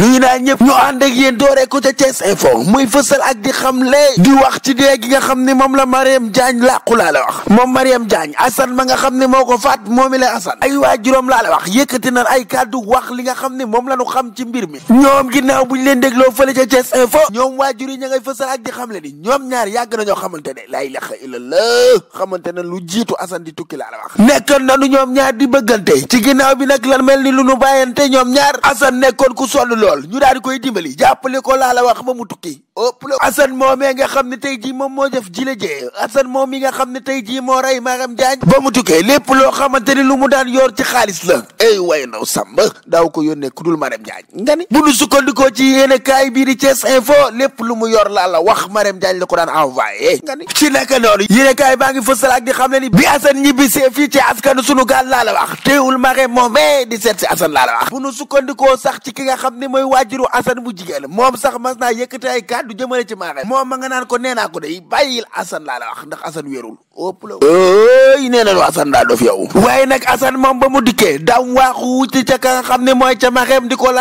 nuyu naa ñëpp ñu ànd ak yéen dooree ko ca Thiès Info muy fësal ak di xamle di wax ci dee gi nga xam ne moom la Mariam Diagne làqu laa la wax moom Mariam Diagne Assane ma nga xam ne moo ko faat moomi la Assane ay waajuram laa la wax yëkkati nan ay kàddu wax li nga xam ne moom la ñu xam ci mbir mi ñoom ginnaaw buñ leen dégloo fële ca Thiès Info ñoom waajur yi ña ngay fësal ak di xamle ni ñoom ñaar yàgg nañoo xamante ne laa ilaha illallah xamante na lu jiitu Assane di tukki la wax nekkoon nanu ñoom ñaar di bëggante ci bi nag lan mel ni lu nu bàyyante ñoom ñaar Assane nekkoon ku sonn lool ñu daal koy dimbali jàppale ko laa la wax ba mu tukki ëpp la Assane nga xam ne tey jii moom moo def jile jee Assane moom mi nga xam ne tey jii moo rey Maram Diagne ba mu tukkee lépp loo xamante ni lu mu daan yor ci xaalis la ey way naw samba daaw ko yónnee ku dul Maram Diagne nga ni bu nu sukkandikoo ci yéen kaay bii di Thiès Info lépp lu mu yor laa la wax Maram Diagne la ko daan envoyé nga ni ci naka noonu yéen kaay baa ngi fësal di xam ne ni bi Assane ñibbisee fii ci askanu sunu gaal laa la wax teewul Maram moomee di seet si ki nga xam ne mooy waajuru Assane bu jigéen moom sax mas naa kàddu jëmale ci maaxees moom ma nga naan ko nee naa ko day bàyyil Assane laa la wax ndax Assane wérul ëpp la di ko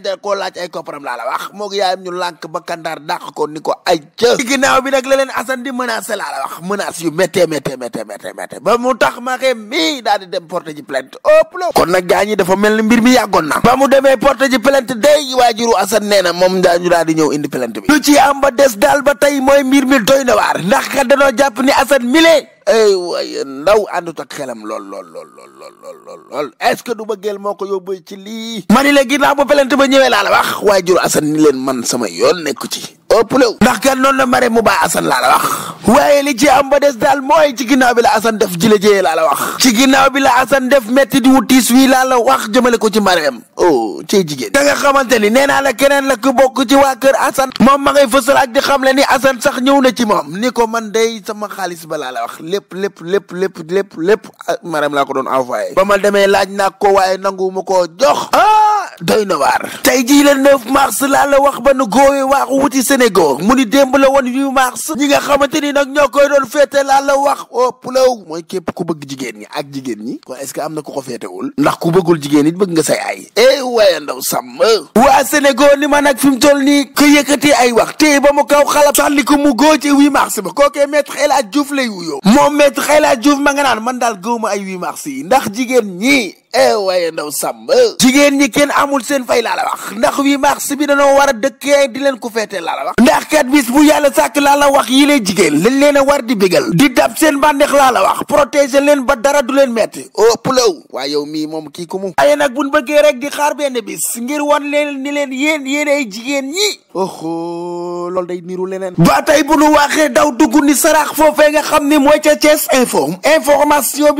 da koo laa la wax moo yaayam ñu lànk ba kandaar dàq ko ni la leen Assane di menacé laa la wax menace yu méttee méttee méttee méttee méttee ba mu tax maxeem mii daal di dem porte ji plainte ëpp la kon nag gaa ñi dafa mel ni mbir mi yàggoon na ba mu demee porte ji day waajur Bassirou Assane nee na moom daañu daal di ñëw indi bi lu ci am ba des daal ba tey mooy mbir mi doy na waar ndax kat danoo jàpp ni Assane mile ay waaye ndaw àndut ak xelam lool lool lool lool lool lool lool est-ce que du bëggeel moo ko yóbbu ci lii. mani la ginnaaw ba plainte ba ñëwee laa la wax waajur Assane ni leen man sama yoon nekku ci. ëpplew ndax kat noonu la mare mu baa Assane laa la wax waaye li ci am ba des daal mooy ci ginnaaw bi la Assane def ji la jëyee laa la wax ci ginnaaw bi la Assane def metti di wutiis wii laa la wax jëmale ko ci mareem oh cey jigéen da nga xamante ni nee naa la keneen la ku bokk ci waa kër Assane moom ma ngay fësal ak di xam le ni Assane sax ñëw na ci moom ni ko man day sama xaalis ba laa la wax lépp lépp lépp lépp lépp lépp ah, mareem laa ko doon envoyé ba ma demee laaj naa ko waaye nanguwuma koo jox ah! doy na waar tey jii la 9 mars laa la wax ba nu góowe waaxu wuti Sénégal mu ni démb la woon 8 mars ñi nga xamante ni nag ñoo koy doon féete laa la wax oh, la mooy képp ku bëgg jigéen ñi ak jigéen ñi kon est-ce que am na ko ko féetewul ndax ku bëggul jigéen it bëgg nga say ay eh waaye ndaw sàmm waa Sénégal ni ma nag fi mu toll nii ko yëkkati ay wax téye ba mu kaw xalab sànni ko mu góo ci 8 mars ba kookee maître El Hadj Diouf lay wuyoo moom maître El Hadj Diouf ma nga naan man daal gëwma ay 8 mars yi ndax jigéen ñi eh waaye ndaw sàmb jigéen ñi kenn amul seen fay laa la wax ndax wi si bi dañoo war dëkk dëkkee di leen ko fete laa la wax ndax kat bis bu yàlla sàkk laa la wax yi lay jigéen lañ leen a war di bégal di dab seen bànneex laa la wax protéger leen ba dara du leen metti oh pulaw waaye yow mii moom kii ku mu waaye nag buñ bëggee rek di xaar benn bis ngir wan leen ni leen yéen yéen ay jigéen ñi oho loolu day niru leneen ba tey bu nu waxee daw dugg ni sarax foofee nga xam ni mooy ca Thiès Info information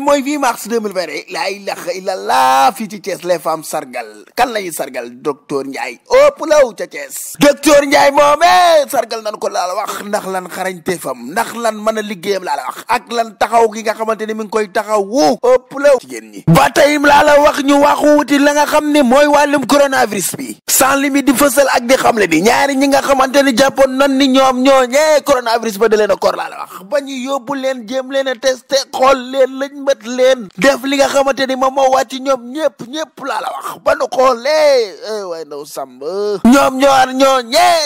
mooy wi ilaha illallah fii ci Thiès les femmes sargal kan lañuy sargal docteur Ndiaye ëpp law ca Thiès docteur Ndiaye moomee sargal nan ko laa la wax ndax lan xarañteefam ndax lan mën a liggéeyam laa la wax ak lan taxaw gi nga xamante ni mi ngi koy taxaw wu ëpp law jigéen ñi ba tey laa la wax ñu waxu wuti la nga xam ne mooy wàllum coronavirus bi sans limite di fësal ak di xamle ni ñaari ñi nga xamante ni jàppoon nan ni ñoom ñoo ñee coronavirus ba da leen a koor laa la wax ba ñu yóbbu leen jéem leen a testé xool ma moo wàcc ñoom ñëpp ñëpp laa la wax ba nu xoolee eh, waaye ndaw sàmb ñoom ñoo ñoo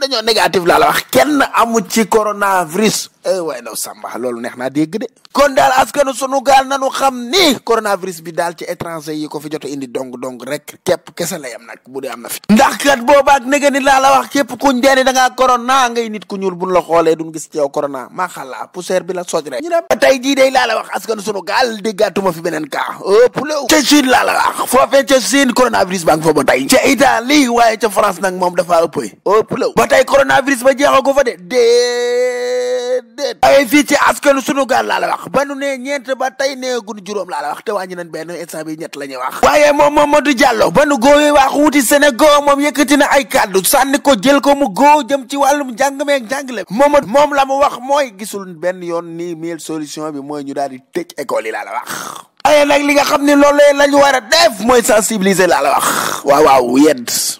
dañoo négatif laa la wax kenn amu ci coronavirus ay eh, waay ndaw sàmba loolu neex naa dégg de kon daal askanu sunu gaal nanu xam ni coronavirus bi daal ci étranger yi ko fi jot a indi dong dong rek képp kese la yam nag bu dee am na fi ndax kat boobaak nega ni laa la wax képp kuñ deeni da ngaa corona ngay nit ku ñuul buñ la xoolee duñ gis ci yow coronavirus baa ngi fa ba Italie waaye ca France nag moom dafa ëppy ba tey coronavirus ba jeexagu fa de dee déet waaye fii ci askanu sunu gaal laa la wax ba nu ne ñeent ba tey nee gun juróom laa la wax te wàññi nañ benn instant bi ñett la ñuy wax waaye moom Mamadou Diallo ba nu góowee wax wuti Sénégal moom yëkkati na ay kàddu sànni ko jël ko mu góo jëm ci wàllum njàng meeg njàngale Mamadou moom la mu wax mooy gisul benn yoon nii mille solution bi mooy ñu daal di tëj école yi laa la wax waaye nag li nga xam ne loolu lañu war a def mooy sensibiliser laa la wax waaw waaw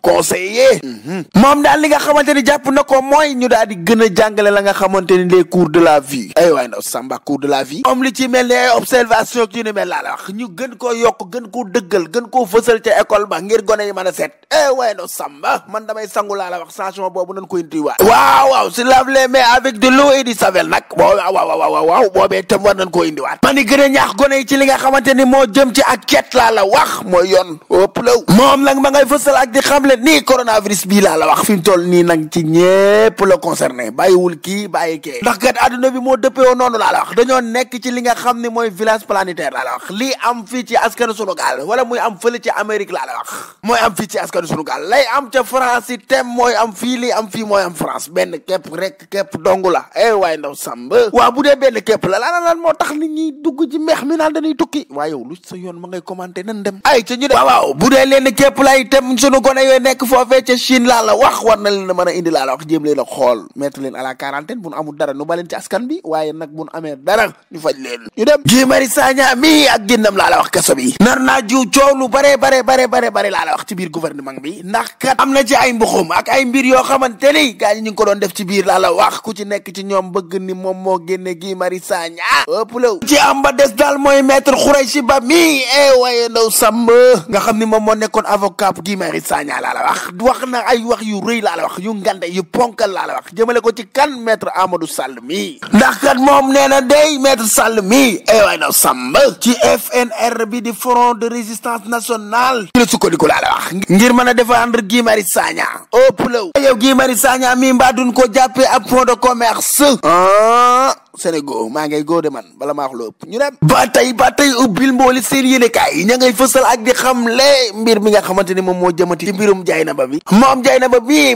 conseiller mm-hmm. moom daal li nga xamante ni jàpp na ko mooy ñu daal di gën a jàngale la nga xamante ni les cours de la vie ay eh waay na samba cours de la vie moom li ci mel ni ay observation ak yu ni mel laa la ñu gën koo yokk gën koo dëggal gën koo fësal ca école ba ngir gone yi mën a seet eh waaye do samba man damay sangu laa la wax station boobu nañ koy indiwaat waaw waaw si lave les mains avec de l'eau et du savon nag boo waaw waaw waaw boobee tam war nañ koo indiwaat mani gën a ñaax gone yi ci li nga xamante ni moo jëm ci ak ket laa la wax mooy yoon ëpp law moom nag ma ngay fësal ak di xamle nii coronavirus bii laa la wax fi mu toll nii nag ci ñépp la concerné bàyyiwul kii bàyyi kee ndax kat adduna bi moo dëppewoo noonu laa la wax dañoo nekk ci li nga xam ne mooy village planétaire laa la wax lii am fii ci askanu Sénégal wala muy am fële ci Amérique laa la wax mooy am fii ci askanu sunu gaal lay am ca France yi tem mooy am fii li am fii mooy am France benn képp rek képp dongu la eh waaye ndaw sàmb waaw bu dee benn képp la laana lan moo tax ni ñi dugg ci meex mi naan dañuy tukki waaye yow lu sa yoon ma ngay commenté nan dem ay ca ñu de waaw bu dee leen képp lay tem sunu gone nekk foofee ca Chine laa la wax war na leen a a indi laa la wax jéem leen a xool mettre leen à la quarantaine bu nu dara nu ba leen ci askan bi waaye nag bu nu amee dara ñu faj ñu dem Guy Marius Sagna mi ak génnam laa la wax kaso bi nar naa jiw coow lu bare bare bare bare bare laa la wax ci biir gouvernement rang bi ndax kat am na ci ay mbuxum ak ay mbir yoo xamante ni gaa ñu ngi ko doon def ci biir laa la wax ku ci nekk ci ñoom bëgg ni moom moo génne Guy Marius Sagna ëpplew ci am ba des daal mooy maître Khoureychi Ba mi e waaye ndaw sàmb nga xam ni moom moo nekkoon avocat bu Guy Marius Sagna laa la wax wax na ay wax yu rëy laa la wax yu ngande yu ponkal laa la wax jëmale ko ci kan maître Amadou Sall mi ndax kat moom nee na day maître Sall mi e waaye ndaw sàmb ci FNR bi di front de résistance nationale ci la la mën a défendre Guy Marius Sagna ëpp law mi mbaa duñ ko de commerce ah. Sénégal maa ngay góode man bala maa wax lu ëpp ñu dem ba tey ba tey ubbil mbooli seen yéenekaay ña ngay ak di xam le mbir mi nga xamante ni moom moo jëmati ci mbirum jaay na ba bi moom jaay na ba bi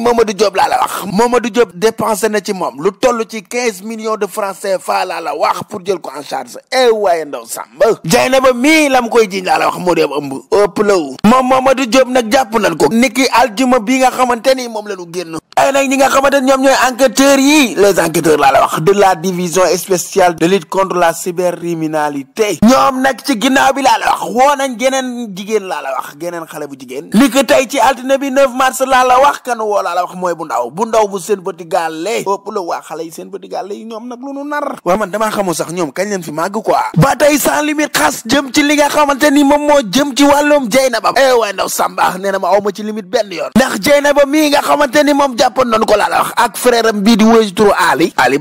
na ci moom lu toll ci quinze millions de francs CFA laa la wax pour ko en charge eh waaye ndaw sàmba jaay na ba mii lam koy jiñ moo di ab ëmb ëpp la wu moom Mamadou Diop nag jàpp nañ ko niki nga xamante ni moom la ñu génn ay nag ñi nga xamante ni ñoom ñooy enquêteurs yi les enquêteurs laa la wax de la division spécial de lutte contre la cybercriminalité ñoom nag ci ginnaaw bi laa la wax woo nañ geneen jigéen laa wax geneen xale bu jigéen li ko tey ci altine bi 9 mars laa la wax kan woo laa la wax mooy bu ndaw bu ndaw bu seen bëti gàlle ëpp la xale yi seen bëti gàlle yi ñoom nag lu nu nar waa man damaa xamul sax ñoom kañ leen fi màgg quoi ba tay sans limite xas jëm ci li nga xamante ni moom moo jëm ci wàllum Jeynaba eh waaye ndaw Samba nee na ma aw ma ci limite benn yoon ndax Jeynaba mii nga xamante ni moom jàppoon nañu ko laa la wax ak frère am bii di wéy turu Ali Ali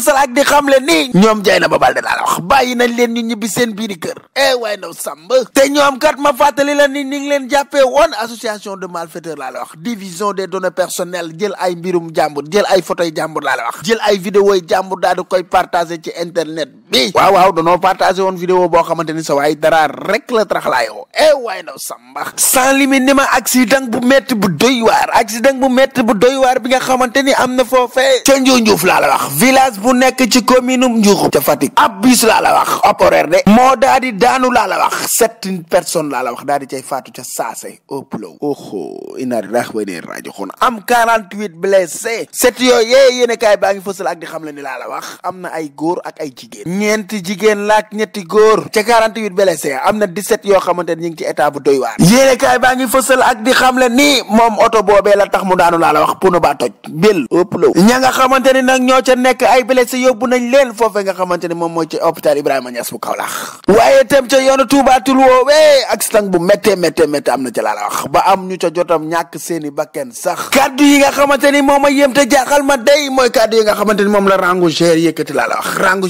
fësal ak di xam le ni ñoom Dieynaba Balde laa la wax bàyyi nañ leen ñu ñibbi seen biiri kër eh waaye ndaw sàmb te ñoom kat ma fàttali la ni ni ngi leen jàppee woon association de malfaiteurs laa la wax division des données personnelles jël ay mbirum jàmbur jël ay photos jàmbur laa la wax jël ay vidéo yi jàmbur daal di koy partagé ci internet bi waaw waaw danoo partagé woon vidéo boo xamante ni sa waay dara rek la traxlaayoo eh waay ndaw sambax sans limite ni ma accident bu métti bu doy waar accident bu met bu doy waar bi nga xamante ni am na foofee ca Njuuf laa la wax village bu nekk ci commune Njuuf ca Fatick ab bis laa la wax ab horaire de moo daa daanu laa la wax sept personnes laa la wax daa di cay faatu ca saase ëpplow oho inaari daax way nee rajo xoon am 48 blessé set yooyu yée yéen a kaay baa ngi xam le ni laa la am na ay góor ak ay jigéen ñeenti jigéen laak ñetti góor ca 48 blessé am na 17 yoo xamante ne ñu ngi ci état bu doy waar yéene moom oto boobee la tax mu daanu laa la wax punu ba toj bil ëpp law ña nga xamante ni nag ñoo ca nekk ay blessé yóbbu nañ leen foofee nga xamante ni moom mooy ci hôpital Ibrahima Niass bu Kaolack waaye tam ca yoonu Touba tul woowee accident bu méttee méttee méttee am na ca laa la wax ba am ñu ca jotam ñàkk seeni bakken sax kaddu yi nga xamante ni moom a yéem te ma day mooy kaddu yi nga xamante ni moom la rangu gère yëkkati laa la wax rangu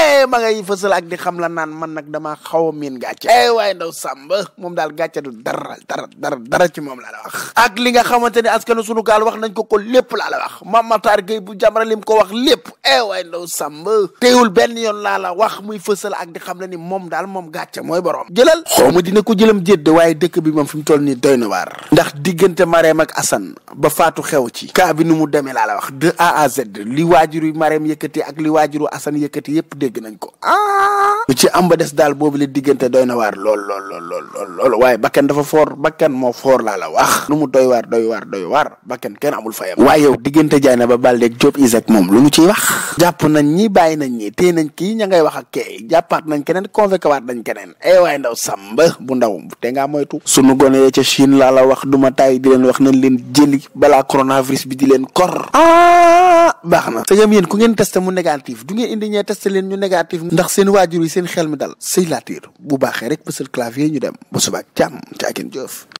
eh ma ngay fësal ak di xam la naan man nag dama xaw a miin gàcce eh waaye ndaw sàmba moom daal gàcce du dara dara dara dara ci moom laa la wax ak li nga xamante ne askanu sunu gaal wax nañ ko ko lépp laa la wax Mame Matar Gueye bu Jamra lim ko wax lépp eh ndaw sàmba teewul benn yoon laa la wax muy fësal ak di xam la ni moom daal moom gàcce mooy borom jëlal xaw ma dina ko jëlam jédd waaye dëkk bi moom fi mu toll nii doy na waar ndax diggante Marème ak Assane ba faatu xew ci kaa bi nu mu demee laa la wax de A à Z li waajuru Marème yëkkati ak li waajuru asan yëkkati yépp dégg dégg nañ ko ah. lu ci am ba des daal boobu li diggante doy na waar lool lool lool lool lool waaye bakken dafa foor bakken moo foor laa la wax doy waar doy waar doy waar bakken kenn amul fayam waaye diggante jaay na ba Balde Diop Isaac moom lu ñu ciy wax jàpp nañ ñi bàyyi nañ ñi téye keneen convoqué eh waaye ndaw sàmba bu ndaw te moytu sunu gone yee ca wax duma tay di wax nañ leen jëli balaa coronavirus bi leen kor ah baax na sëgam yéen ku ngeen négatif ndax seen waajur yi seen xel mi dal sëy laatiir bu baaxee rek bësal clavier ñu dem ba subaak jàmm ci akin jëf